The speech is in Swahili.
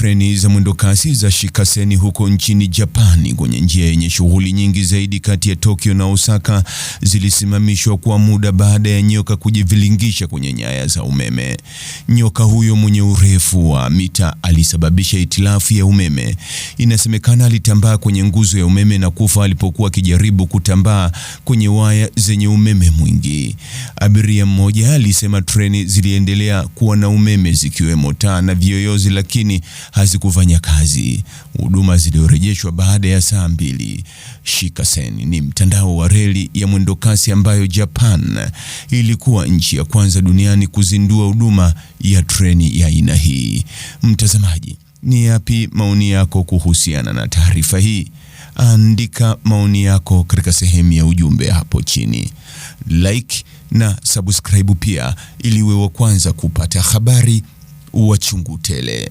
Treni za mwendokasi za Shinkansen huko nchini Japani kwenye njia yenye shughuli nyingi zaidi kati ya Tokyo na Osaka zilisimamishwa kwa muda baada ya nyoka kujivilingisha kwenye nyaya za umeme. Nyoka huyo mwenye urefu wa mita alisababisha itilafu ya umeme. Inasemekana alitambaa kwenye nguzo ya umeme na kufa alipokuwa akijaribu kutambaa kwenye waya zenye umeme mwingi. Abiria mmoja alisema treni ziliendelea kuwa na umeme zikiwemo taa na vioyozi lakini hazikufanya kazi. Huduma ziliorejeshwa baada ya saa mbili. Shikasen ni mtandao wa reli ya mwendokasi ambayo Japan ilikuwa nchi ya kwanza duniani kuzindua huduma ya treni ya aina hii. Mtazamaji, ni yapi maoni yako kuhusiana na taarifa hii? Andika maoni yako katika sehemu ya ujumbe hapo chini. Like na subscribe pia, ili uwe wa kwanza kupata habari wa chungu tele.